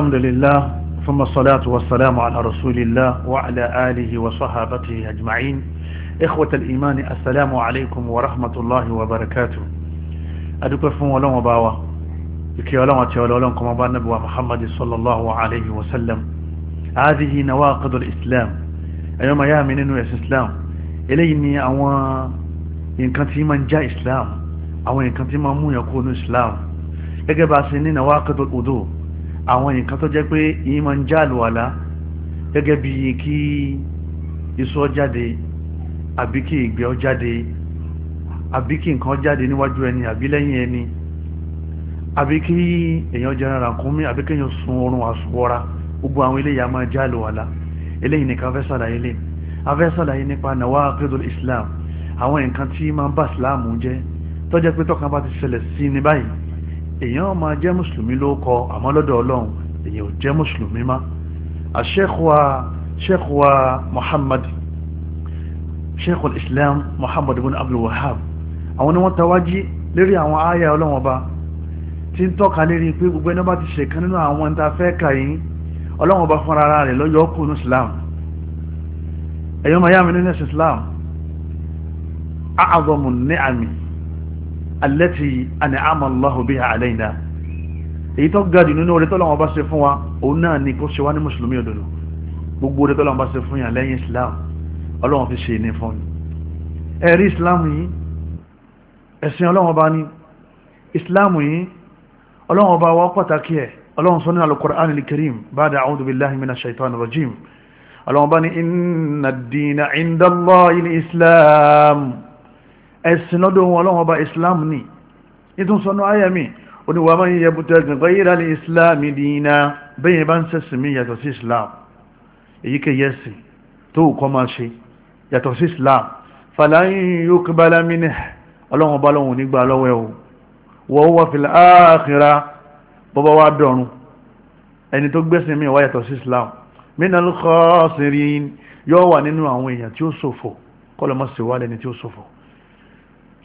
الحمد لله ثم الصلاة والسلام على رسول الله وعلى آله وصحابته أجمعين إخوة الإيمان السلام عليكم ورحمة الله وبركاته أدوك فون ولون وباوا لكي ولون وتولون كما بنبوى محمد صلى الله عليه وسلم هذه نواقض الإسلام أيوم يا من إنه إسلام إليني أو إن كنت من جاء إسلام أو إن كنت من مو يكون إسلام gẹ́gẹ́ bá نواقض ṣe àwọn nkan tó jẹ́ pé yìí máa ń já àlùwàlá gẹ́gẹ́ bí kí iṣu ọ jáde àbí kí ìgbẹ́ ọ jáde àbí kí nǹkan jáde níwájú ẹni àbí lẹ́yìn ẹni àbí kí èèyàn jẹran ràkúnmí àbí sun oorun àsùwọ́ra gbogbo àwọn eléyìí a máa eléyìí nìkan fẹ́ sàlàyé lé afẹ́ sàlàyé Islam àwọn nǹkan tí máa ń bá Islam pé èèyàn máa jẹ́ mùsùlùmí ló kọ àmọ́ lọ́dọ̀ ọlọ́run èèyàn ò jẹ́ mùsùlùmí má àṣẹ́kùwà ṣẹ́kùwà muhammad ṣẹ́kùl islam muhammad ibn abdul wahab àwọn ni wọ́n tawájí lérí àwọn àyà ọlọ́run ọba tí ń tọ́ka lérí pé gbogbo ẹni bá ti ṣe kan nínú àwọn tá a fẹ́ kà yín ọlọ́run ọba fúnra ara rẹ̀ lọ́yọ̀ ọkùnrin islam ẹ̀yọ́ mayami nínú islam àgọ́mù ní àmì allati an'ama Allahu biha alayna èyí tó ga jù nínú orí tọ́lọ́wọ́n bá ṣe fún wa òun náà ni kó ṣe wá ní mùsùlùmí òdodo gbogbo orí tọ́lọ́wọ́n bá ṣe fún yàn lẹ́yìn islam ọlọ́wọ́n fi ṣe ní fún mi ẹ̀rí islam yìí ẹ̀sìn ọlọ́wọ́n bá ní islam yìí ọlọ́wọ́n bá wá pàtàkì ẹ̀ ọlọ́wọ́n sọ ní al-Qur'an al ba'da a'udhu billahi minash shaitanir rajim ọlọ́wọ́n bá ní inna ad-dina 'inda islam ẹ̀sìn lọ́dọ̀ wọn ọlọ́wọ́n ọba islam ni ìtún sọ́nà ayé mi oníwà máa ń yẹ bùtẹ́ gbẹ̀gbẹ́ yìí rálẹ̀ islam dìínà bẹ́yìn bá ń sẹ́sìn mi yàtọ̀ sí islam èyíkéyìí ẹ̀sìn tó kọ́ máa ṣe yàtọ̀ sí islam fàlàyìn yóò kí bala mínẹ̀ ọlọ́wọ́n ọba lọ́wọ́n nígbà lọ́wọ́ ẹ̀ o wọ́n wá fìlà áàkìrà bọ́bá wá dọ̀run ẹni tó gbẹ́sìn mi wá yàtọ̀ sí islam mínà ló kọ́ sí rí yọ wà nínú àwọn èèyàn tí ó ṣòfò kọ́lọ́mọ́sí wà lẹ́ni tí ó ṣòfò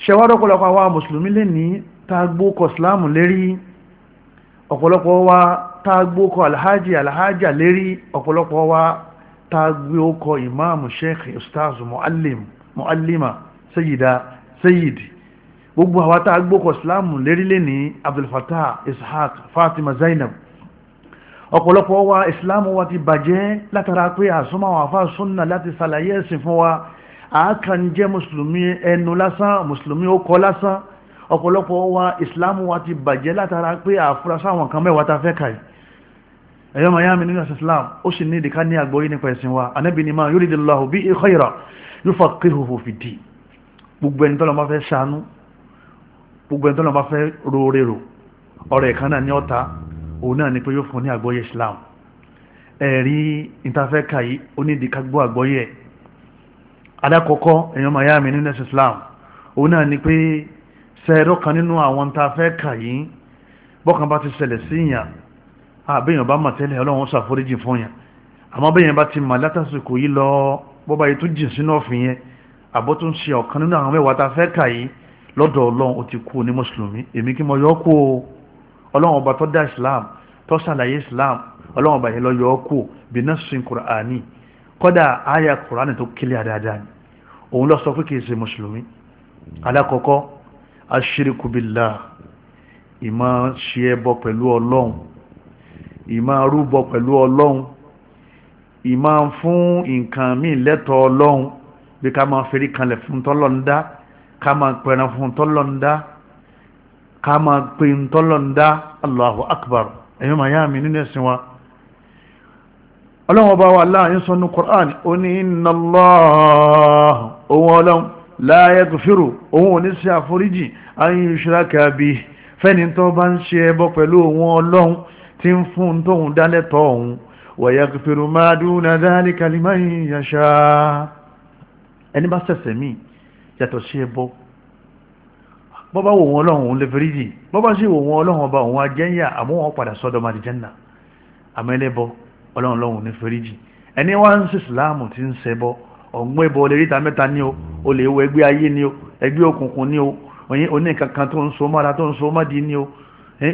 ṣẹwàá ọ̀pọ̀lọpọ̀ àwa mùsùlùmí lè ní tágbó kọ síláàmù lérí ọ̀pọ̀lọpọ̀ wa tágbó kọ alhaji alhaja lérí ọ̀pọ̀lọpọ̀ wa tágbó kọ ìmáàmù sheikh ustaz muallim muallima sayida sayidi gbogbo àwa tágbó kọ síláàmù lérí lè ní abdulfatah ishaq fatima zainab ọ̀pọ̀lọpọ̀ wa islam wa ti bàjẹ́ látara pé àsúnmọ́ àwọn afáàsúnnà láti ṣàlàyé ẹ̀sìn fún wa àákàn jẹ́ mùsùlùmí ẹnu lásán mùsùlùmí ó kọ lásán ọ̀pọ̀lọpọ̀ wa ìsìláàmù wa ti bàjẹ́ látara pé àfúrásá àwọn kan mẹ́wàá ta fẹ́ kàì ẹ̀yọ́ miami nínú islam ó sì ní ìdíká ní àgbọ́yé nípa ẹ̀sìn wa anábì ni máa yuridillahu bihi khayra yufaqqihuhu fid-din gbogbo ẹni tọ́lọ́ bá fẹ́ ṣàánú gbogbo ẹni tọ́lọ́ bá fẹ́ roore rò ọ̀rọ̀ ni pé yóò islam ẹ̀rí ìtafẹ́ kàyí ó ẹ̀ alákọ̀ọ́kọ́ èèyàn miami nínú ẹ̀sìn islam òun náà ni pé sẹ́ẹ̀rọ kan nínú àwọn tá a fẹ́ kà yìí bọ́kàn bá ti ṣẹlẹ̀ síyàn àbẹ̀yàn bá màtẹ́lẹ̀ ọlọ́run ṣàforíjì fún yàn àmọ́ bẹ́yàn bá ti mà látàsìkò yìí lọ bọ́ba yìí tó jìn sínú ọ̀fìn yẹn àbọ̀ tó ń ṣe ọ̀kan nínú àwọn mẹ́wàá tá a fẹ́ kà yìí lọ́dọ̀ ọlọ́run ó ti kú ní mùsùlùmí èmi kí mo yọ kú islam tó islam ọlọ́run ọba yẹn lọ yọ kú bínásùn kọ́dà àyà kùránì tó kílẹ̀ dáadáa ni òun lọ sọ pé kìí ṣe mùsùlùmí alákọ̀ọ́kọ́ aṣírikùbìlà ìmọ̀ ṣe ẹbọ pẹ̀lú ọlọ́run ìmọ̀ rúbọ pẹ̀lú ọlọ́run ìmọ̀ fún nǹkan míì lẹ́tọ̀ ọlọ́run bí ká máa ferí kanlẹ̀ fún tọ́lọ́ndá ká máa pẹran fún tọ́lọ́ndá ká máa pe tọ́lọ́ndá Allahu akbar ẹ̀yọ́ màá yá mi nínú ẹ̀sìn wa ọlọ́run ọba wa láàrin sọ́nù Qur'an ó ní inna Allah ohun ọlọ́run la yaghfiru ohun òní sí àforíjì an yushraka bihi fẹ́ni tó bá ń ṣe ẹbọ pẹ̀lú ohun ọlọ́run tí ń fún tóun dálẹ́tọ̀ ọ̀hún wa yaghfiru ma duna dhalika liman yasha ẹni bá ṣẹ̀ṣẹ̀ mí yàtọ̀ sí ẹbọ bọ́bá wò wọn ọlọ́run lè fẹ́ríjì bọ́bá sì wò wọn ọlọ́run ọba òun ajẹ́yà àmọ́ padà sọ́dọ̀ màdìjẹ́nà ọlọ́run lọ́hùn ní foríjì ẹni wá ń sí ìsìláàmù tí ń ṣẹbọ ọ̀gbọ́n ẹbọ olè ríta mẹ́ta ni o olè wọ ẹgbẹ́ ayé ni o ẹgbẹ́ òkùnkùn ni o oyin oníkankan tó ń so mọ́ra tó ń so mọ́di ni o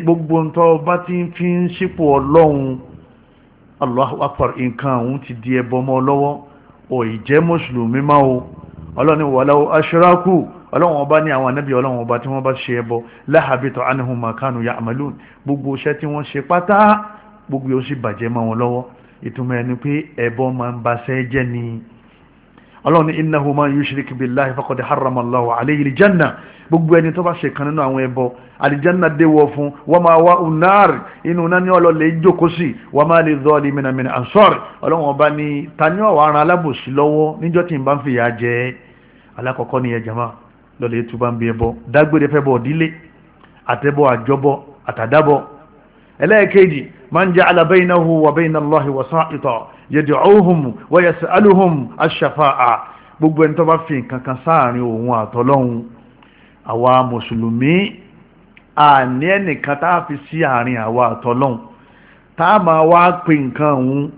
gbogbo ntọ́ bá ti fi ń sípò ọlọ́run Allahu nǹkan ọ̀hún ti di ẹbọ mọ́ lọ́wọ́ ò ì jẹ́ mùsùlùmí má o ọlọ́run ni walaw ashraku ọlọ́run ọba ní àwọn anábì ọlọ́run ọba tí wọ́n bá ṣe ẹbọ lahabita anhum ma kanu gbogbo iṣẹ́ tí wọ́n ṣe pátá gbogbo yóò sì bàjẹ́ mọ́ wọn lọ́wọ́ ìtumọ̀ ẹni pé ẹbọ máa ń baṣẹ́ jẹ́ ni Allah ní innahu man yushrik billahi faqad harrama Allahu alayhi al-janna gbogbo ẹni tó bá ṣe kan nínú àwọn ẹbọ àlìjánná déwọ fún wa ma'wahu an-nar inú náà ní ọlọ́lẹ̀ ìjókòó sí wa ma lidh-dhalimina min ansar ọlọ́wọ́n ọba ní tani ọ̀wọ́ ara alábòsí lọ́wọ́ níjọ́ tí n bá ń fìyà jẹ alákọ̀ọ́kọ́ ni ẹ̀jẹ̀ lọ́lẹ̀ ètò bá ń bí ẹbọ dágbére fẹ́ bọ̀ dílé àtẹ́bọ̀ àjọbọ̀ àtàdábọ̀ ẹlẹ́ẹ̀kejì من جعل بينه وبين الله وسائطا يدعوهم ويسألهم الشفاعة gbogbo ẹni tó bá fi nǹkan kan sáàrin òun àtọlọ́hun àwa mùsùlùmí àní ẹnìkan tá a fi sí àárín àwa àtọlọ́hun tá a máa wá pe nǹkan òun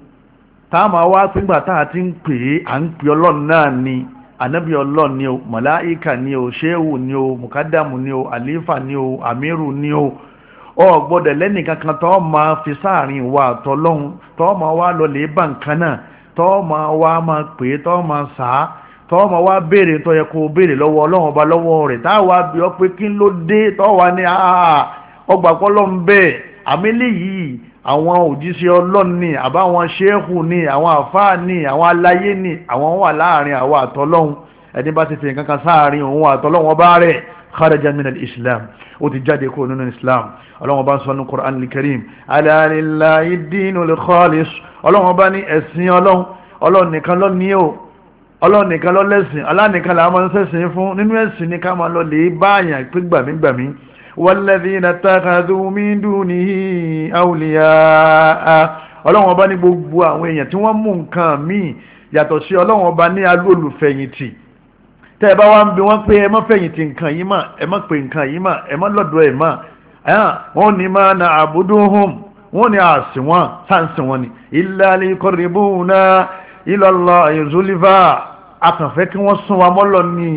tá a máa wá pé nígbà tá a ti ń pè é à ń pè ọlọ́run náà ni anabi ọlọ́run ni o màláìka ni o ṣéwù ni o mùkádàmù ni o àlífà ni o àmírù ni o ọ gbọ́dọ̀ lẹ́nì kankan tó máa fi sáàrin wa tọ́lọ́hún tó máa wá lọ lè bá nǹkan náà tó máa wá máa pè é tó máa sà á tó máa wá béèrè tó yẹ kó béèrè lọ́wọ́ ọlọ́run ọba lọ́wọ́ rẹ̀ táwa bí ọ pé kí ló dé tó wà ní ọgbà pọ́lọ́ ń bẹ́ẹ̀ àmì léyìí àwọn òjíṣẹ́ ọlọ́run ni àbáwọn ṣéèkù ni àwọn àfáà ni àwọn aláyé ni àwọn wà láàrin àwa àtọ́lọ́hún ẹni bá ti fi nǹkan sáàrin òun àtọ́lọ́hún ọba rẹ̀ kharaja min al-islam ó ti jáde kó nínú islam ọlọ́wọ́n bá ń sọ ní quran al-karim ala lillahi dinul khalis ọlọ́wọ́n bá ní ẹ̀sìn ọlọ́run ọlọ́run nìkan ló ní o ọlọ́run nìkan ló lẹ́sìn aláǹkan làwọn máa ń sẹ́sìn fún nínú ẹ̀sìn ní ká máa lọ lè báyàn pé gbàmígbàmí walladhina takhadhu min dunihi awliyaa ọlọ́run ọba ní gbogbo àwọn èèyàn tí wọ́n mú nǹkan míì yàtọ̀ sí ọlọ́run ọba ní alólùfẹ̀yìntì tẹ́ ẹ bá wá ń bi wọ́n pé ẹ má fẹ̀yìntì nǹkan yìí mà ẹ má pè nǹkan yìí mà ẹ má lọ́dọ̀ ẹ̀ mà wọ́n ní máa na àbúdúhùn wọ́n ní àsìn wọn sáǹsìn wọn ni illa li koribuna ila Allah zulfa akànfẹ́ kí wọ́n sún wa mọ́lọ ní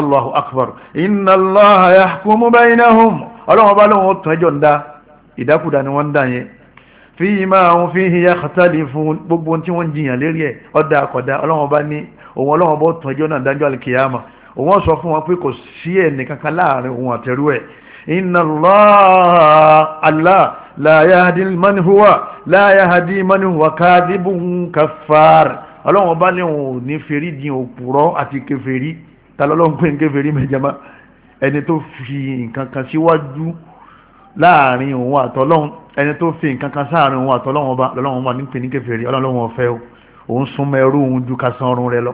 Allahu akbar inna Allaha yahkumu baynahum ọlọ́wọ́n bá lóun tún ẹjọ́ ń dá ìdákùdá ni wọ́n ń dá yẹn fi máa fi hìyà kàtàlì fún gbogbo tí wọ́n jiyàn lérí ẹ̀ ọ̀dà àkọ́dá ọlọ́wọ́n bá ní òun ọlọ́run bó tún ẹjọ́ náà dájọ́ alikiyama òun sọ fún wọn pé kò sí ẹnì kankan láàrin òun àtẹrú ẹ̀ inna Allah Allah la yahdi man huwa la yahdi man huwa kadhibun kaffar ọlọ́run bá ní òun ní fèrí di òpùrọ́ àti kèfèrí ta lọ́lọ́run pé kèfèrí mẹ́jẹ̀má ẹni tó fi nǹkan kan síwájú láàrin òun àtọ́lọ́run ẹni tó fi nǹkan kan sáàrin òun àtọ́lọ́run ọba lọ́lọ́run wà ní pè ní kèfèrí ọlọ́run ọ̀fẹ́ o òun súnmọ́ ẹrú òun ju ka san ọrùn rẹ lọ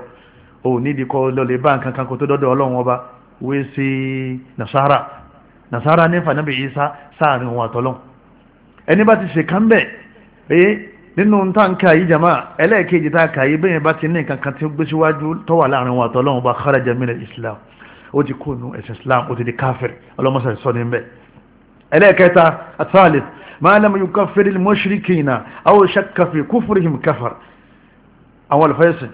òun nídìí kọ́ lọlẹ̀ bá nǹkan kan kó tó dọ́dọ̀ ọlọ́run ọba wé sí nasara nasara ní fanabi isa sáàrin òun àtọ́lọ́n ẹni bá ti ṣe kán bẹ́ẹ̀ ee nínú tá yìí jama ẹlẹ́ẹ̀kejì tá a kà yìí bẹ́ẹ̀ bá ti ní nǹkan kan tí gbé síwájú tó wà láàrin òun àtọ́lọ́run ọba kharaja min islam ó ti kó nu ẹ̀sìn islam ó ti di káfíìrì ọlọ́mọṣẹ́ sọ ní bẹ́ẹ̀ ẹlẹ́ẹ̀kẹta àtàlẹ́ ما لم يكفر المشركين أو àwọn olùfẹ́sìn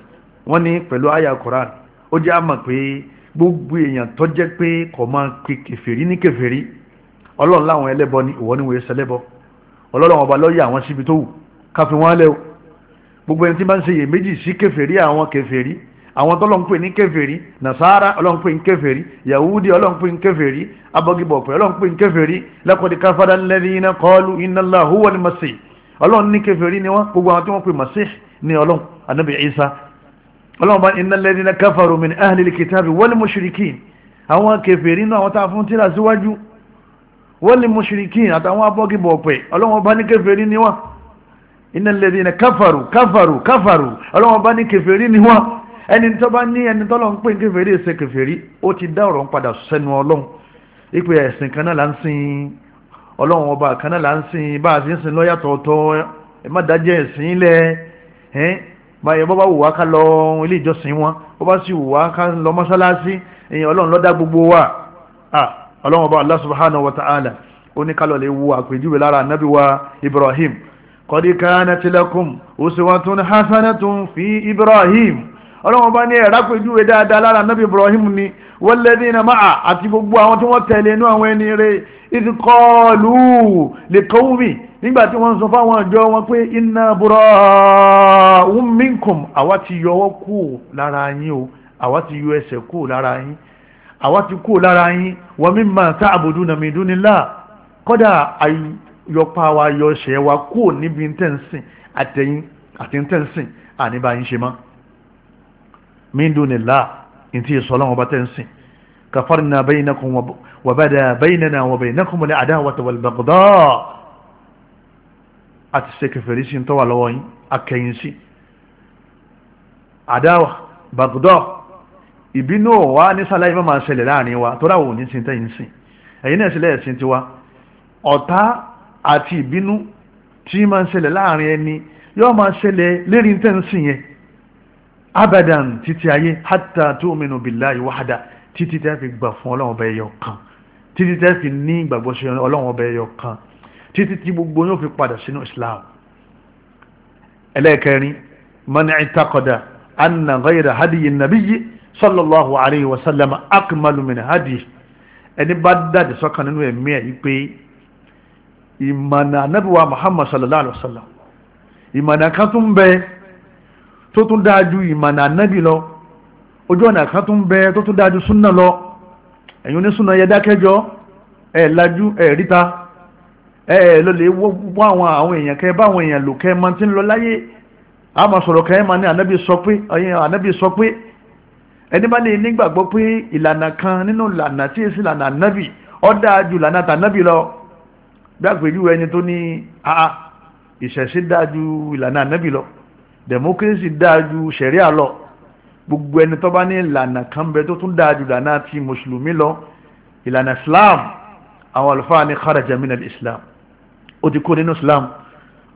wọ́n ní pẹ̀lú àyà Quran ó jẹ́ àmọ̀ pé gbogbo èèyàn tó jẹ́ pé kò máa pe kèfèrí ní kèfèrí ọlọ́run láwọn ẹlẹ́bọ ni ìwọ níwèé ṣẹlẹ́bọ ọlọ́run ọba lọ́ọ́ àwọn síbi tó wù ká fi wọ́n o gbogbo ẹni tí máa ń ṣe iyèméjì sí kèfèrí àwọn kèfèrí àwọn tọ́lọ́n pè ní kèfèrí nasara ọlọ́n pè ní kèfèrí yahudi ọlọ́n pè ní kèfèrí abọ́gibọ̀pẹ̀ ọlọ́n pè ní kèfèrí laqad kafara alladhina qalu inna Allaha huwa al-masih ọlọ́run ní kèfèrí ni wọ́n gbogbo àwọn tí wọ́n pè masih ní ọlọ́run anábì isa ọlọ́run bá innal ladhina kafaru min ahlil kitabi wal mushrikin àwọn kèfèrí náà àwọn tá a fún tíra síwájú àtàwọn abọ́gibọ̀ ọ̀pẹ̀ ọlọ́run bá ní kèfèrí ni kafaru kafaru kafaru ọlọ́run bá ní ni wọ́n ẹni tó bá ní ẹni tọ́lọ́ ń pè ó ti dá ọ̀rọ̀ padà sẹ́nu ẹ̀sìn kan náà là ń sìn báyọ̀ bọ́ bá wù wá ká lọ ilé ìjọsìn wọn bọ́ bá sì wù wá ká lọ mọ́sálásí èèyàn ọlọ́run ló gbogbo wa ọlọ́run ọba Allah subhanahu wa ta'ala ó ní ká lè wo àpèjúwe lára ànábì wa Ibrahim qad kanat lakum uswatun hasanatun fi Ibrahim ọlọ́run bá ní ẹ̀rá pèjúwe dáadáa lára ànábì Ibrahim ni walladhina ma'a àti gbogbo àwọn tí wọ́n tẹ̀lé inú àwọn ẹni rẹ̀ ìdíkọ́ọ̀lù lẹ́kọ́wùmí nígbà tí wọ́n ń sọ fáwọn àjọ wọn pé iná búrọ̀ ń minkum àwa ti yọ ọwọ́ kú lára yín o àwa ti yọ ẹsẹ̀ kú lára yín àwa ti kú lára yín wa mimma ta'buduna min dunillah kọ́dà àyọpa wa yọ ẹsẹ̀ wa kú níbi tẹ̀sìn àtẹ̀yìn àti tẹ̀sìn àníbàyín ṣe mọ́ min dunillah ní ti ìsọ̀lọ́wọ́n bá tẹ̀sìn كفرنا بينكم وبدا بيننا وبينكم العداوة والبغضاء أتسيك فريسين طوالوين أكينسي عداوة بغضاء ìbínú wa ní sáláì máa máa ṣẹlẹ̀ láàrin wa tó ráwò ní sin tẹ́yìn sìn ẹ̀yin náà sílẹ̀ ẹ̀sìn tiwa ọ̀tá àti ìbínú tí máa ṣẹlẹ̀ láàrin ẹni yóò máa ṣẹlẹ̀ lérí tẹ́yìn sìn yẹn abadan títí ayé hatta tu'minu billahi wahda títí tẹ́ fi gbà fún ọlọ́run ọba ẹyọ kan títí tẹ́ fi ní ìgbàgbọ́ sí ọlọ́run ọba ẹyọ kan títí tí gbogbo yóò fi padà sínú islam ẹlẹ́ẹ̀kẹrin man i'taqada anna ghayra hadiyi nabiyyi sallallahu alayhi wa sallam akmalu min hadiyi ẹni bá dàdí sọ́kàn nínú ẹ̀mí ẹ̀ pé ìmọ̀nà anábìwá muhammad sallallahu alayhi wa sallam ìmọ̀nà kan tún bẹ tó tún dáa ìmọ̀nà anábì lọ ojú ọ̀nà kan tó ń bẹ tó tún dájú súnà lọ ẹ̀yin onísúnà yẹ dákẹ́jọ́ ẹ̀ lajú ẹ̀ ríta ẹ̀ ló lè wọ́ àwọn àwọn èèyàn kẹ́ báwọn èèyàn lò kẹ́ máa ti ń lọ láyé a máa sọ̀rọ̀ kẹ́ máa ní ànábì sọ pé ànábì sọ pé ẹni bá ní nígbàgbọ́ pé ìlànà kan nínú ìlànà tí èsì ìlànà ànábì ó dáa ju ìlànà tànábì lọ bí ẹni tó ní àá ìṣẹ̀ṣe dáa ju ìlànà ànábì lọ democracy dáa ju ṣẹ̀ríà lọ gbogbo ẹni tó bá ní ìlànà kan bẹ tó tún dáa ju ìlànà ti mùsùlùmí lọ ìlànà islam àwọn àlùfáà ní kharaja min al-islam ó ti kó nínú islam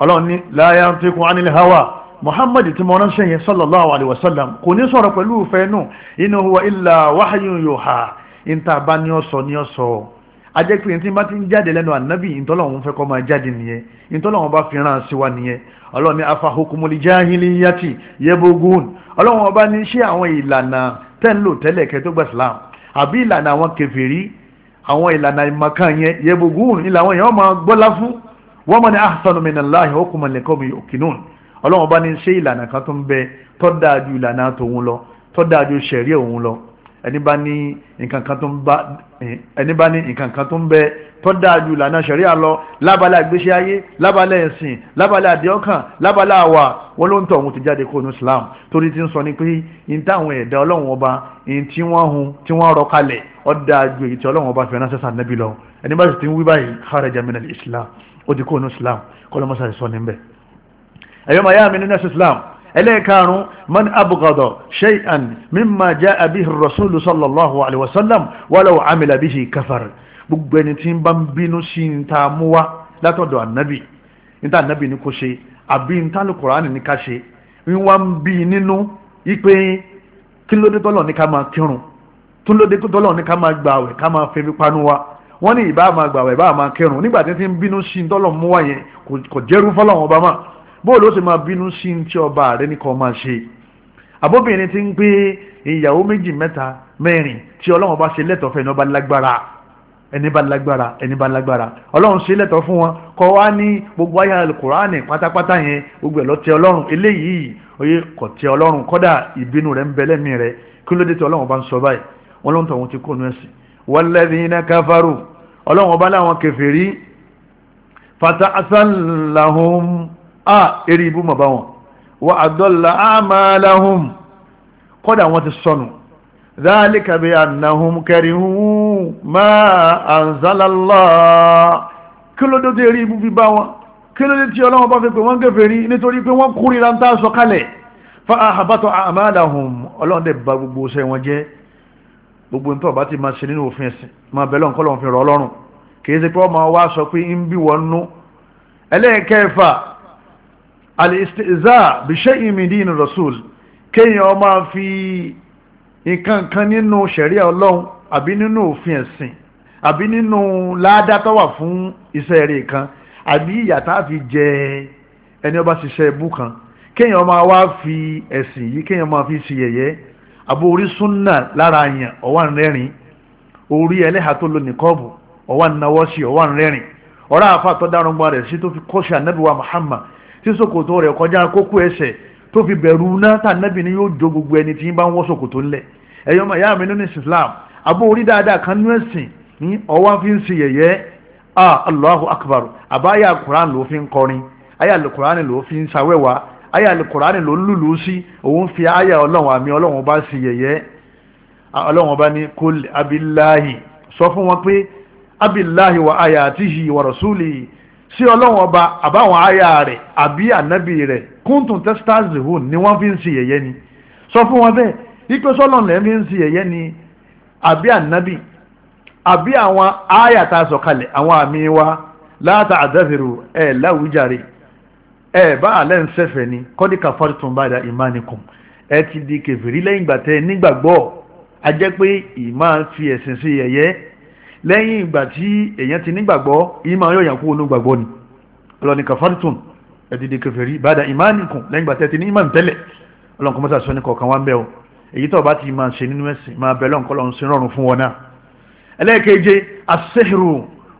ọlọ́run ní la yantiqu anil hawa muhammad tí mo ránṣẹ́ yẹn sallallahu alayhi wa sallam kò ní sọ̀rọ̀ pẹ̀lú ìfẹ́ nù in huwa illa wahyun yuha ìntàbá ni ni ó ajẹ́ pé tí n bá ti ń jáde lẹ́nu ànábì ìtọ́lọ́hún fẹ́ kọ́ máa jáde nìyẹn ìtọ́lọ́hún bá fi ràn sí wa nìyẹn ọlọ́run ní afa hukumuli jahiliyati yebogun ọlọ́run ọba ní ṣé àwọn ìlànà tẹ́ńlò tẹ́lẹ̀ kẹ́ tó gbà sílám àbí ìlànà àwọn kẹfìrí àwọn ìlànà ìmọ̀kan yẹn yebogun ìlà àwọn èèyàn máa gbọ́lá fún wọ́n mọ̀ ní ahsanu minallahi hukuman liqawmi yuqinun ọlọ́run ọba ní ṣé ìlànà kan tó ń bẹ tó dáa ju ìlànà ẹni bá ní nǹkan kan tó ń bẹ tó dáa ju ìlànà ṣẹ̀ríà lọ lábala ìgbésí ayé lábala ẹ̀sìn lábala àdéhọ́kàn lábala àwà wọn ló ń tọ̀ ohun ti jáde kó nu Islam torí ti ń sọ ni pé n táwọn ẹ̀dá ọlọ́run ọba n tí wọ́n hun tí wọ́n rọ kalẹ̀ ó dáa èyí tí ọlọ́run ọba fi ránṣẹ́ sàn nẹ́bí lọ ẹni bá sì ti ń wí báyìí kharaja min islam ó ti kó nu Islam kọ́lọ́mọ́sà sọ níbẹ̀ ẹ̀yọ́ màyá mi nínú ẹ̀sìn Islam ẹlẹ́ẹ̀karùn man abghada shay'an mimma jaa bihi ar-rasul sallallahu alayhi wa sallam walaw amila bihi kafar gbogbo ẹni tí ń bá ń bínú sí ń ta mú wá látọ̀dọ̀ ànábì ń ta ànábì ní kò ṣe àbí ń ta Al-Qur'ani ní ká ṣe ń wá ń bí nínú ipe kí ló dé tọ́lọ̀ ní ká máa kírun tún ló dé tọ́lọ̀ ní ká máa gbààwẹ̀ ká máa fẹ́mi panu wa wọ́n ní ìbá máa gbààwẹ̀ ìbá máa kírun nígbà tí ń bínú sí ń tọ́lọ̀ mú wá yẹn kò jẹ́rú fọ́lọ́wọ́n ọba máa bóòlù ó sì máa bínú sí ní tí ọba rẹ ní kan máa ṣe àbóbìnrin ti ń pé ìyàwó méjì mẹ́ta mẹ́rin tí ọlọ́run bá ṣe lẹ́tọ̀ọ́ fẹ́ ní ọba lágbára ẹni bá lágbára ẹni bá lágbára ọlọ́run ṣe lẹ́tọ̀ọ́ fún wọn kọ́ wá ní gbogbo ayé alukuraani pátápátá yẹn gbogbo ẹ̀ lọ́tẹ̀ ọlọ́run eléyìí oyè kọ̀tẹ̀ ọlọ́run kọ́dà ìbínú rẹ̀ ń bẹ lẹ́mí rẹ̀ kí ló dé tí ọlọ́run bá ń sọ báyìí wọn ló ń tọ̀hún ti kó nu ẹ̀sìn walladhina kafaru ọlọ́run ọba láwọn kèfèrí fata asán lahum a eré ibú mọ̀ bá wọn wà àdọ́là àmàlàhùn kọ́dà wọn ti sọnù dhalika bi annahum karihu ma anzalallah kí ló dé tó eré ibú bí bá wọn kí ló dé tí ọlọ́wọ́n bá fi pè wọ́n kèfèrí nítorí pé wọ́n kórìíra ń tà sọ kalẹ̀ fa ahabatọ àmàlàhùn ọlọ́run dẹ̀ ba gbogbo ṣẹ́ wọn jẹ́ gbogbo nítorí ọba ti máa ṣe nínú òfin ẹ̀sìn máa bẹ̀rẹ̀ ọ̀nkọ́ lọ́wọ́n fi rọ ọlọ́run kì í ṣe pé wọ́n máa wá sọ pé ń bí wọn nú ẹlẹ́ẹ̀kẹfà al-istiza bi shay'in min din rasul kéèyàn máa fi nǹkan kan nínú ṣẹ̀ríà ọlọ́run àbí nínú òfin ẹ̀sìn àbí nínú ládá tó wà fún iṣẹ́ rẹ̀ kan àbí ìyàtá fi jẹ ẹni ọba ṣiṣẹ́ ibú kan kéèyàn máa wá fi ẹ̀sìn yìí kéèyàn máa fi ṣe yẹ̀yẹ́ àbò orí súnà lára yàn ọ̀wá rẹ́rìn orí ẹlẹ́hà tó lo nìkọ́ọ̀bù ọ̀wá náwọ́ sí ọ̀wá rẹ́rìn ọ̀rá àfa àtọ́dárùn-ún rẹ̀ sí tó fi kọ́ṣẹ́ ànábìwá Muhammad tí ṣòkòtò rẹ̀ kọjá kókó ẹsẹ̀ tó fi bẹ̀rù náà tà nábì ni yóò jó gbogbo ẹni tí ń bá ń wọ́ ṣòkòtò ńlẹ̀ ẹ̀yọ́ mọ̀ ìyá mi nínú Islam abó orí dáadáa kan nú ẹ̀sìn ní ọwọ́ fi ń ṣe yẹ̀yẹ́ ah Allahu Akbar àbáyà Quran ló fi ń kọrin àyà Quran ló fi ń ṣàwẹ́wà àyà Quran ló ń lùlù sí òun fi àyà ọlọ́run àmì ọlọ́run bá ṣe yẹ̀yẹ́ ọlọ́run bá ní kul abillahi sọ fún wọn pé abillahi wa ayatihi wa rasulihi sí ọlọ́run ọba àbáwọn aya rẹ̀ àbí ànábì rẹ̀ kúntùn testers wò ni wọ́n fi ń si yẹ̀yẹ́ ni sọ fún wọn bẹ́ẹ̀ ipe sọ́lọ́run lẹ́ fi ń si yẹ̀yẹ́ ni àbí ànábì àbí àwọn aya tá a sọ kalẹ̀ àwọn àmì wa láta àdáfẹ́rù ẹ̀ láwùjáre ẹ̀ bá ń sẹ́fẹ̀ ni kọ́dí kàfárí tún bá da ìmánikùn ẹ ti di kẹfìrí lẹ́yìn gbàtẹ́ nígbàgbọ́ a jẹ́ pé ìmá fi ẹ̀sìn lẹ́yìn ìgbà tí èèyàn ti nígbàgbọ́ ìmọ̀ yóò yàn kú onú gbàgbọ́ ni ọlọ́ni kafartum ẹ̀dìdì kèfèrí bada ìmánìkùn lẹ́yìn ìgbà tẹ́tí ní ìmọ̀ tẹ́lẹ̀ ọlọ́n kọ́mọ́sá sọ ní kọ̀ọ̀kan wá ń bẹ̀ o èyí tó bá ti máa ṣe nínú ẹ̀sìn máa bẹ̀ lọ́nkọ́ lọ́n sí rọrùn fún wọn náà ẹlẹ́ẹ̀keje asẹ́hìrù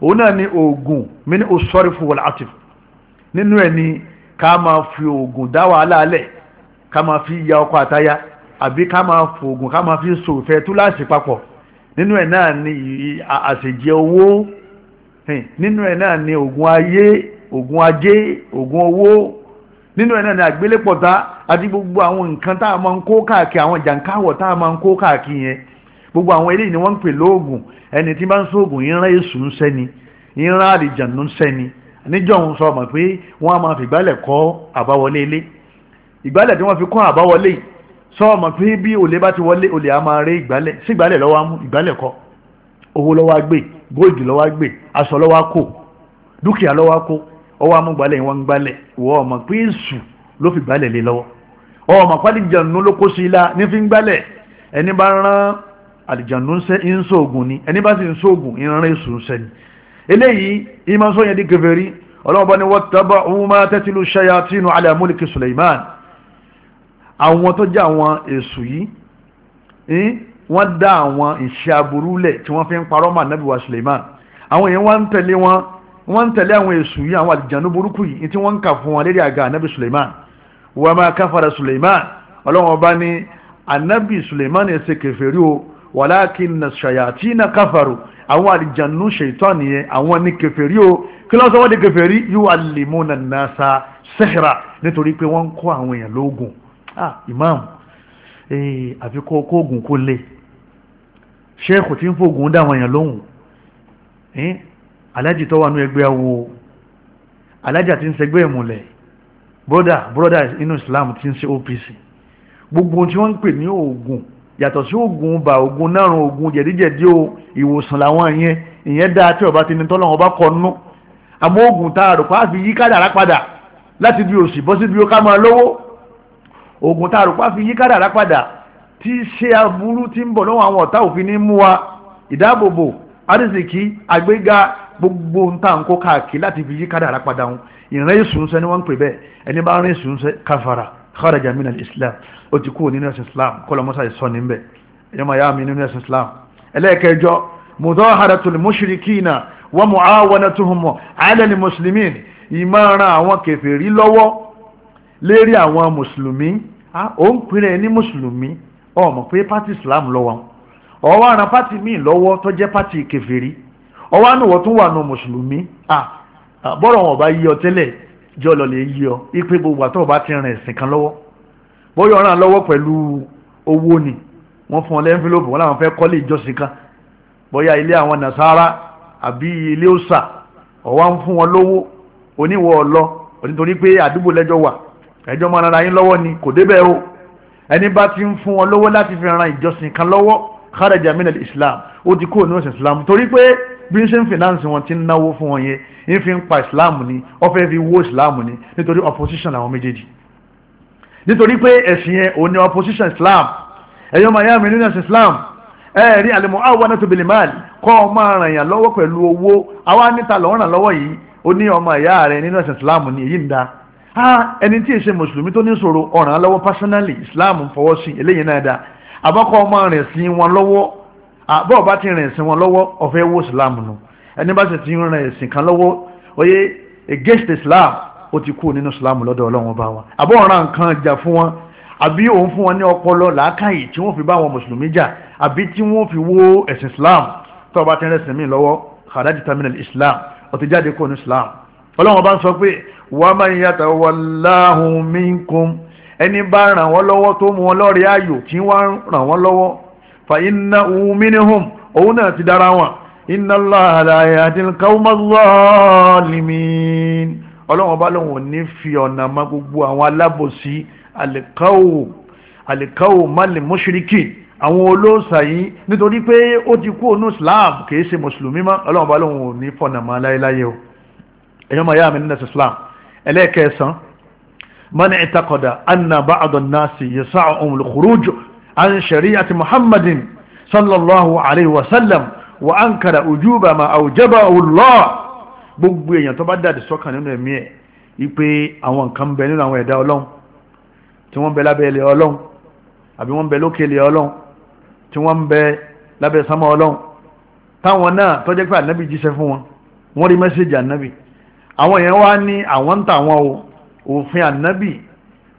òun náà ni oògùn mi ní osọ́rìfù wọlé àtìf nínú ẹ̀ ni ká máa fi oògùn dá wàhálà alẹ̀ ká máa fi ya ọkọ̀ àtayá àbí ká máa fòògùn ká máa fi sòfẹ́ túláàsì papọ̀ nínú ẹ̀ náà ni àṣejẹ owó nínú ẹ̀ náà ni oògùn ayé oògùn ajé oògùn owó nínú ẹ̀ náà ni àgbélépọ̀ta àti gbogbo àwọn nǹkan tá a máa ń kó káàkiri àwọn jàǹkáwọ̀ tá a máa ń kó káàkiri yẹn gbogbo àwọn eléyìí ni wọ́n ń pè lóògùn ẹni tí bá ń sóògùn ìran èṣù ń sẹ́ni ìran àlìjànú ń sẹ́ni níjọ́ òun sọ ma pé wọ́n á máa fi ìgbálẹ̀ kọ́ àbáwọlé ilé ìgbálẹ̀ tí wọ́n fi kọ́ àbáwọlé yìí sọ ọmọ pé bí olè bá ti wọlé olè a máa rẹ ìgbálẹ̀ sí ìgbálẹ̀ lọ́wọ́ amú ìgbálẹ̀ kọ́ owó lọ́wọ́ agbè góòdì lọ́wọ́ agbè aṣọ lọ́wọ́ akó dúkìá lọ́wọ́ akó ọwọ́ amú gbálẹ̀ ìwọ̀n gbálẹ̀ wọ́ ọmọ pé èṣù ló fi gbálẹ̀ lé lọ́wọ́ ọmọ pé àlìjànú ló kó sí ilá ní fi ń gbálẹ̀ ẹni bá rán àlìjànú ń sóògùn ni ẹni bá sì ń sóògùn ìran èṣù ń sẹ́ni eléyìí ìmọ̀ sọ́yẹn di kèfèrí ọlọ́wọ́ àwọn tó jẹ́ àwọn èṣù yìí eh, wọ́n dá àwọn ìṣe aburú lẹ̀ tí wọ́n fi ń parọ́ mọ́ ànábì wa Suleiman àwọn èèyàn wọ́n ń tẹ̀lé wọn wọ́n ń tẹ̀lé àwọn èṣù yìí àwọn àlìjànú burúkú yìí tí wọ́n ń kà fún wọn lérí àga ànábì Suleiman wa ma kafara Suleiman ọlọ́wọ́n bá ní ànábì Suleiman ẹ̀ ṣe kèfèrí o walakinna shayatina kafaru àwọn àlìjànú ṣètọ́ nìyẹn àwọn ní kèfèrí o kí lọ́sọ̀ wọ́n di kèfèrí yuallimuna nasa sihra nítorí ah imam ee àfi kó kóògùn kó lé ṣéèkù tí ń fògùn dáwọn èèyàn lóhùn alájì tó wà ní ẹgbẹ́ awo alájà tí ń ṣẹgbẹ́ ìmùlẹ̀ broda broda inú islam tí ń ṣe opc gbogbo tí wọ́n ń pè ní oògùn yàtọ̀ sí oògùn bá oògùn náà oògùn jẹ̀díjẹ̀dí o ìwòsàn làwọn yẹn ìyẹn dáa tí ọba ti ní tọ́lọ́ ọba kọ nú àmọ́ oògùn tá a rò pa á fi yí kádàrá padà láti bí òsì bọ́ sí bí ó ká máa lówó ogun tá a rò pa fi yí kádàrá padà tí ṣe aburú tí ń bọ̀ lọ́wọ́ àwọn ọ̀tá òfin ní mú wa ìdáàbòbò àdìsíkí àgbéga gbogbo ń tà ń kó káàkiri láti fi yí kádàrá padà wọn ìrìn ìsúnṣẹ́ ni wọ́n ń pè bẹ́ẹ̀ ẹni bá rìn ìsúnṣẹ́ káfàrà kharaja min al-islam ó ti kúrò nínú ẹ̀sìn islam kọ́lọ́ mọ́sá ìsọ níbẹ̀ ẹ̀yọ́ máa yá mi nínú ẹ̀sìn islam ẹlẹ́ẹ̀kẹjọ mudaharatul wa muslimin lérí àwọn mùsùlùmí ó ń pinrẹ́ ní mùsùlùmí ọmọ pé pátì islam lọ́wọ́ ọwọ́ àrùn pátì míì lọ́wọ́ tó jẹ́ pátì kèfèrí ọwọ́ ànúwọ̀ tún wà nù mùsùlùmí bọ́rọ̀ wọn bá yí ọ tẹ́lẹ̀ jọ lọ lè yí ọ ipe gbogbo àtọ́ bá ti rìn ẹ̀sìn kan lọ́wọ́ bọ́yọ̀ ọ̀ràn lọ́wọ́ pẹ̀lú owó ni wọ́n fún ọ lẹ́ńfílọ́pù wọn làwọn fẹ́ kọ́lé ìjọsìn kan bọ́yá ilé àwọn nàṣàrà àbí ilé òòṣà ọ̀wá ń fún wọn lówó oníwọ̀ ọ̀lọ́ nítorí pé àdúgbò lẹ́jọ́ wà ẹjọ́ mọ́ ara yín lọ́wọ́ ni kò débẹ̀ o ẹni bá ti ń fún wọn lọ́wọ́ láti fi ran ìjọsìn kan lọ́wọ́ kharaja min islam ó ti kúrò ní ọ̀sẹ̀ islam torí pé bí ń ṣe ń finance wọn ti ń náwó fún wọn yẹn ń fi ń pa islam ni ó fẹ́ fi wó islam ni nítorí opposition làwọn méjèèjì nítorí pé ẹ̀sìn yẹn ò opposition islam ẹ̀yọ́ miami nínú ẹ̀sìn islam ẹ̀rí àlẹ́mọ̀ awanatu bil mal kọ́ ọ máa ràn yàn lọ́wọ́ pẹ̀lú owó àwa níta lọ́ọ́ ràn lọ́wọ́ yìí ó ní ọmọ ìyá rẹ̀ nínú ẹ̀sìn islam ni èyí ń da ha ẹni tí èsè mùsùlùmí tó ní ṣòro ọ̀ràn lọ́wọ́ personally islam fọwọ́ sí eléyìí náà dá àbọ̀kọ́ ọmọ rìn sí wọn lọ́wọ́ àbọ̀ bá ti rìn sí wọn lọ́wọ́ ọ̀fẹ́ wo islam nu ẹni bá sì ti rìn ẹ̀sìn kan lọ́wọ́ oyè against islam ó ti kú nínú islam lọ́dọ̀ ọlọ́run bá wọn àbọ̀ ọ̀ràn nǹkan jà fún wọn àbí òun fún wọn ní ọpọlọ làákàyè tí wọ́n fi bá wọn mùsùlùmí jà àbí tí wọ́n fi wo ẹ̀sìn islam tó bá ti rìn ẹ̀sìn míì lọ́wọ́ kharajta min al islam ó ti jáde kó ní islam ọlọ́run bá ń sọ pé wa man yatawallahu minkum ẹni bá ràn wọ́n lọ́wọ́ tó mú wọn lọ́rẹ̀ẹ́ ayò tí wọ́n ràn wọ́n lọ́wọ́ fa innahu minhum òun náà ti dára wọn inna Allaha la yahdil ọlọ́wọ́n bá lọ́wọ́ ní fi ọ̀nà má gbogbo àwọn alábòsí alikaw alikaw mal àwọn olóòsà yìí nítorí pé ó ti kú ònú Islam kìí ṣe mùsùlùmí mọ́ ọlọ́wọ́n bá lọ́wọ́ ní fọ̀nà má láéláyé o ẹ̀yọ́ màá yá mi nínú Islam ẹlẹ́ẹ̀kẹsàn man i'taqada anna ba'd an-nas yasa'uhum al-khuruj an shari'ati muhammadin sallallahu alayhi wa ankara ujuba ma awjabahu Allah gbogbo èèyàn tó bá dàdí sọ́kàn nínú ẹ̀mí ẹ̀ wípé àwọn nǹkan bẹ nínú àwọn ẹ̀dá ọlọ́run tí wọ́n bẹ lábẹ́ ilẹ̀ ọlọ́run àbí wọ́n bẹ lókè ilẹ̀ ọlọ́run tí wọ́n bẹ lábẹ́ sámọ́ ọlọ́run táwọn náà pé ànábì jíṣẹ́ fún àwọn èèyàn wá ní àwọn ń tà wọn o òfin ànábì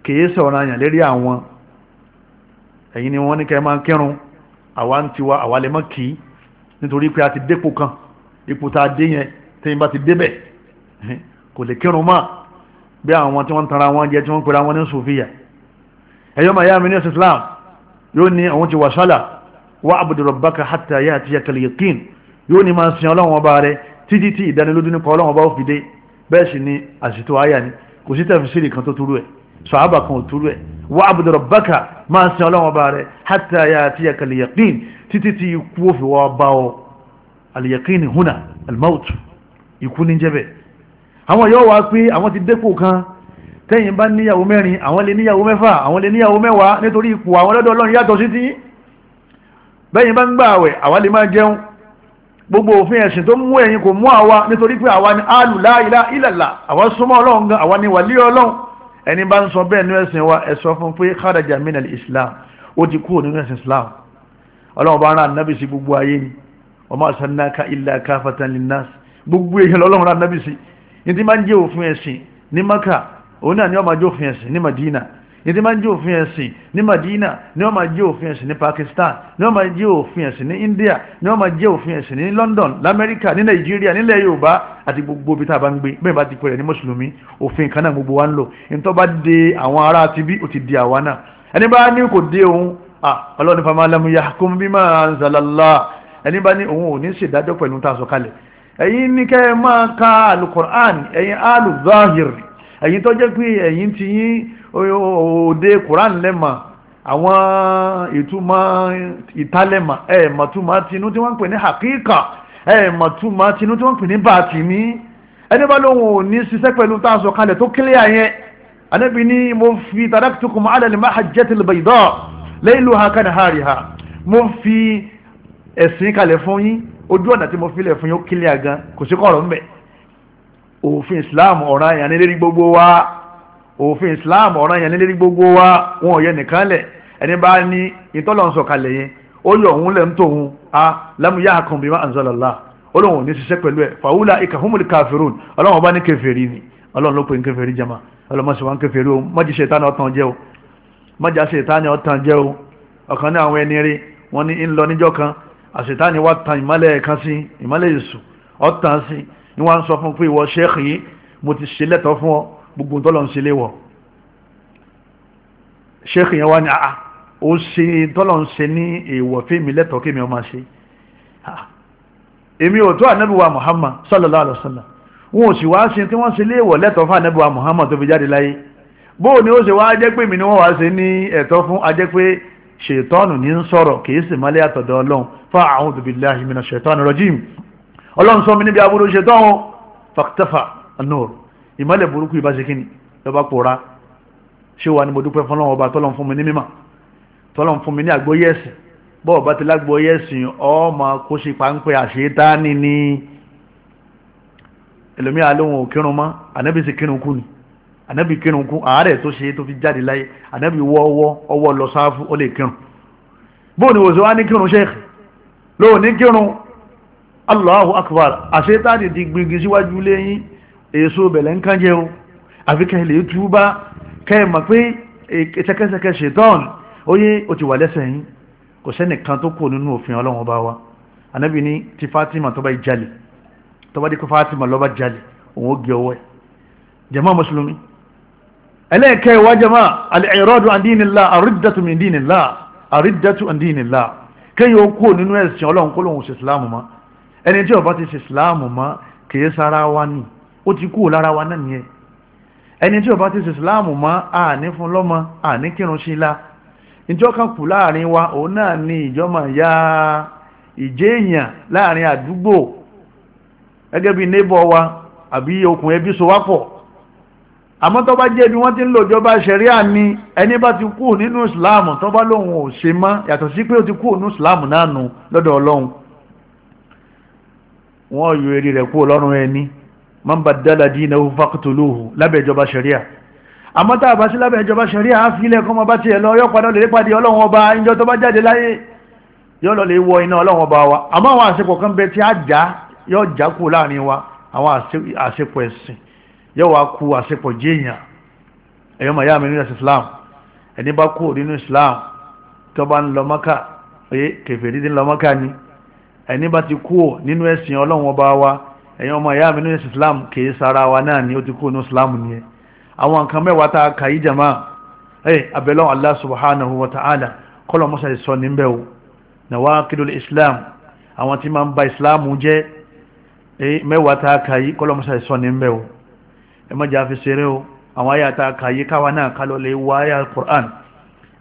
kìí sọ̀rọ̀ àyàn lérí àwọn ẹ̀yin ni wọ́n ní kẹ́ máa kírun àwa ń tiwa àwa lè mọ́ kì í nítorí pé a ti dépò kan ipò tá a dé yẹn tẹ́yìn bá ti débẹ̀ kò lè kírun mọ́ bí àwọn tí wọ́n ń tara wọn jẹ tí wọ́n ń pera wọn ní sòfìyà ẹ̀yọ́ màá yá mi ní ẹ̀sìn Islam yóò ní àwọn ti wà sálà wá abudu rabbaka hatta ya'tiyakal yaqin yóò ní máa sin ọlọ́run ọba rẹ títí tí ìdánilójú nípa ọlọ́run ọba fi dé bẹ́ẹ̀ sì ni àṣìtò àyà ni kò sí tafsiri kan tó túrú ẹ̀ sàhábà kan ò túrú ẹ̀ wa'budu rabbaka máa sin ọlọ́run ọba rẹ̀ hatta ya'tiyaka al-yaqin títí tí ikú òfin wa bá ọ al-yaqin huna al-maut ikú ní jẹ́bẹ̀ àwọn yóò wá pé àwọn ti dépò kan tẹ́yìn bá níyàwó mẹ́rin àwọn lè níyàwó mẹ́fà àwọn lè níyàwó mẹ́wàá nítorí ipò àwọn lọ́dọ̀ ọlọ́run yàtọ̀ sí ti bẹ́yìn bá ń gbà àwẹ̀ àwa lè máa jẹun gbogbo òfin ẹ̀sìn tó mú ẹ̀yin kò mú àwa nítorí pé àwa ni alu la ilaha illallah àwa súnmọ́ ọlọ́run gan àwa ni wàlí ọlọ́run ẹni bá ń sọ bẹ́ẹ̀ nínú ẹ̀sìn wa ẹ fún pé kharaja min al-islam ó ti kúrò nínú ẹ̀sìn islam ọlọ́run bá rán anábì sí gbogbo ayé ni wa ma arsalnaka illa kafatan linnas gbogbo èèyàn lọ́lọ́run rán anábì sí ní ti máa ń jẹ́ òfin ẹ̀sìn ní maka òun náà ni ó máa jẹ́ òfin ẹ̀sìn ní madina Ni tí máa ń òfin ẹ̀sìn ní Madina ni wọ́n máa jẹ́ òfin ẹ̀sìn ní Pakistan ni wọ́n máa jẹ́ òfin ẹ̀sìn ní India ni wọ́n máa jẹ́ òfin ẹ̀sìn ní London lamẹ́ríkà ní Nàìjíríà nílẹ̀ Yorùbá àti gbogbo ibi tá a bá ń gbé bẹ́ẹ̀ bá ti pẹ̀lẹ̀ ní mùsùlùmí òfin kan náà gbogbo wa ń lò ìtọ́ bá de àwọn ará ti bí ó ti di àwa náà ẹni bá ní kò dé òun ọlọ́ni fama alamu yahkum bima anzalallah ẹni bá ní òun ò ní ṣèdájọ́ pẹ̀lú tá a sọ kalẹ̀ ẹ̀yin ní kẹ́ ẹ máa ka alukur'an ẹ̀yin aluzahir ẹ̀yin tó jẹ́ pé ẹ̀yin ti yín òde Quran lẹ́mà àwọn ìtumọ̀ ìtálẹ́mà ẹ̀ẹ̀mọ̀túmọ̀ tinú tí wọ́n ń pè ní hakika ẹ̀ẹ̀mọ̀túmọ̀ tinú tí wọ́n ń pè ní bàtìní ẹni bá lóhun ò ní ṣiṣẹ́ pẹ̀lú tá a sọ kalẹ̀ tó kílẹ̀ yẹn anábì ní mo fi taraktukum ala al-mahajjatil bayda layluha kanahariha mo fi ẹ̀sìn kalẹ̀ fún yín ojú ọ̀nà tí mo filẹ̀ fún yín ó kílẹ̀ gan kò sí kọ̀ọ̀rọ̀ ń òfin Islam gbogbo wa òfin islam ọ̀ràn yẹn nílé gbogbo wa wọn ò yẹ nìkan lẹ̀ ẹni bá ní ìtọ́lọ̀ ń yẹn ó yọ òun lẹ̀ ń tòun a lámúyá kan bí má anzalala ọlọ́run ò ní ṣiṣẹ́ pẹ̀lú ẹ̀ fàwùlà ìkàhùnmùlì kàfẹ́rún ọlọ́run ọba ní kẹfẹ́rì ni ọlọ́run ló pe kẹfẹ́rì jama ọlọ́run sì wá ń kẹfẹ́rì o mọ́jì ṣètánì ọ̀tàn jẹ́ o mọ́jà ṣètánì ọ̀tàn jẹ́ o ọ̀kan ní àwọn ẹni rí ni wọ́n á sọ fún gbogbo tọ́lọ̀ ń ṣe léwọ̀ sheikh yẹn wá ní àá ó ṣe tọ́lọ̀ ń ṣe ní èèwọ̀ fíìmù lẹ́tọ̀ọ́ kí mi ọ máa ṣe èmi ò tó ànábì wa Muhammad sallallahu alaihi wasallam wọn ò sì wá ṣe tí wọ́n ṣe léèwọ̀ lẹ́tọ̀ọ́ fún ànábì wa Muhammad tó fi jáde láyé bóò ni ó ṣe wá jẹ́ pé mi ni wọ́n wá ṣe ní ẹ̀tọ́ fún ajẹ́ pé ṣètọ́nù ní ń sọ̀rọ̀ kì í sì mọ́lẹ́ àtọ̀dọ̀ ọlọ́run fún a'udhu billahi minash shaitani rajim ọlọ́run sọ mi níbi aburú ṣètọ́nù faqtafa an ìmọ́lẹ̀ burúkú ìbá ṣe kíni lọ́ba pòórá ṣé wà ní mo dúpẹ́ fọlọ́wọ́n ọba tọ́lọ́n fún mi ní mímọ̀ tọ́lọ́n fún mi ní àgbóyè ẹ̀sìn bọ́ọ̀ bá ti lágbóyè ẹ̀sìn ọmọ kó ṣe páńpẹ́ àṣetáni ni ẹlòmíà lóhun ò kírun mọ́ ànábì sì kírun kú ni ànábì kírun kú àárẹ̀ tó ṣe tó fi jáde láyé ànábì wọ ọwọ́ ọwọ́ lọ sáfù ó lè kírun bóun ni wòsàn wá ní kírun sheikh lóun ní kírun Allahu akbar àṣetáni ti gbingi síwájú lẹ́yìn èso bẹ̀lẹ̀ ń kán jẹ́ o àfi kẹ́ lè túbá kẹ́ ẹ̀ mọ̀ pé ìtẹ́kẹ́sẹ̀kẹ́ ṣètọ́n ó yé o ti wà lẹ́sẹ̀ yín kò sẹ́nìkan tó kù nínú òfin ọlọ́run bá wa anábì ní ti Fatima tó bá jalè tó di kó Fatima lọ́ba jalè òun ó gé ọwọ́ ẹ̀ jàmá mùsùlùmí ẹlẹ́ẹ̀kẹ́ wa jàmá al-i'radu an dinillah ar-riddatu min dinillah ar-riddatu an dinillah kéyìn ó kù nínú ẹ̀sìn ọlọ́run kó lóun ṣe mọ́ ẹni tí ó ti ṣe ìsìláàmù mọ́ kì í sára wa nìyí ó ti kú lára wa náà nìyẹn ẹni tí ó bá ti ṣe islam mọ́ àní fún lọ́mọ àní kírun sí la ìjọ kan kù láàrin wa òun náà ni ìjọmọ ya ìjẹ èèyàn láàrin àdúgbò gẹ́gẹ́ bíi neighbor wa àbí okùn ẹbí so wá pọ̀ àmọ́ tó bá jẹ́ bí wọ́n ti ń lò ìjọba ṣẹ̀ríà ni ẹni bá ti kú nínú islam tó bá lòun ò ṣe mọ́ yàtọ̀ sí pé ó ti kú nínú islam náà nù lọ́dọ̀ ọlọ́run wọn yọ èrè rẹ̀ kú ọlọ́run ẹni man baddala dinahu faqtuluhu lábẹ́ ìjọba sharia àmọ́ tá a bá sí lábẹ́ ìjọba sharia á fi ilẹ̀ kọ́ ọmọ bá tiẹ̀ lọ yọ padà lè pàdé ọlọ́run ọba ìjọ tó bá jáde láyé yọ lọ lè wọ iná ọlọ́run ọba wa àmọ́ àwọn àṣepọ̀ kan bẹ tí a já yọ já kú láàrin wa àwọn àṣepọ̀ ẹ̀sìn yọ wá ku àṣepọ̀ jéèyàn ẹ̀yọ́ màyá mi nínú islam ẹni bá kú nínú islam tó bá ń lọ mọ́kà kẹfẹ́ dídín lọ mọ́kà ni ẹni bá ti kú nínú ẹ̀sìn ọlọ́run ọba wa ẹ̀yin ọmọ ìyá mi ní islam kìí sara wa náà ni ó ti kú ní islam nìyẹn àwọn nǹkan mẹ́wàá tá a kà yí jama ẹ̀ abẹ́lẹ́ Allah subhanahu wa ta'ala kọ́lọ̀ mọ́sá ìsọ níbẹ̀ o nawaqidul islam àwọn tí máa ń ba islam jẹ́ ẹ̀ mẹ́wàá tá a kà yí kọ́lọ̀ mọ́sá ìsọ níbẹ̀ o ẹ má jẹ́ àfi ṣeré o àwọn àyà tá a kà yí káwa náà kálọ̀ lè wá àyà Qur'an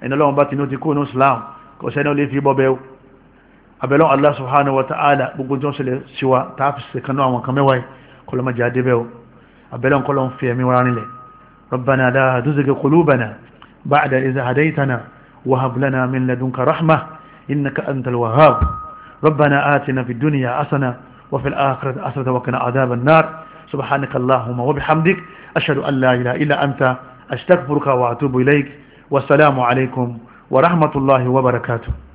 ẹ̀ ní ọlọ́run bá ti ní ó ti kú ní islam kò sẹ́ni ó lè fi bọ́ bẹ́ẹ̀ o abẹ́lọ́ Allah subhanahu wa ta'ala gbogbo jọ́ sílẹ̀ síwá tààfisì kanú àwọn kan mẹ́wàá kọlọ́mọ jẹ́ adébẹ́ o abẹ́lọ́ kọlọ́m fi ẹ̀mí wa rìnlẹ̀ rabbana la tuzigh qulubana ba'da idh hadaytana wa hab lana min ladunka rahma innaka antal wahhab rabbana atina fid dunya hasana wa fil akhirati hasana wa qina adhaban nar subhanaka allahumma wa bihamdik ashhadu an la ilaha illa anta astaghfiruka wa atubu ilaik wa assalamu alaykum wa rahmatullahi wa barakatuh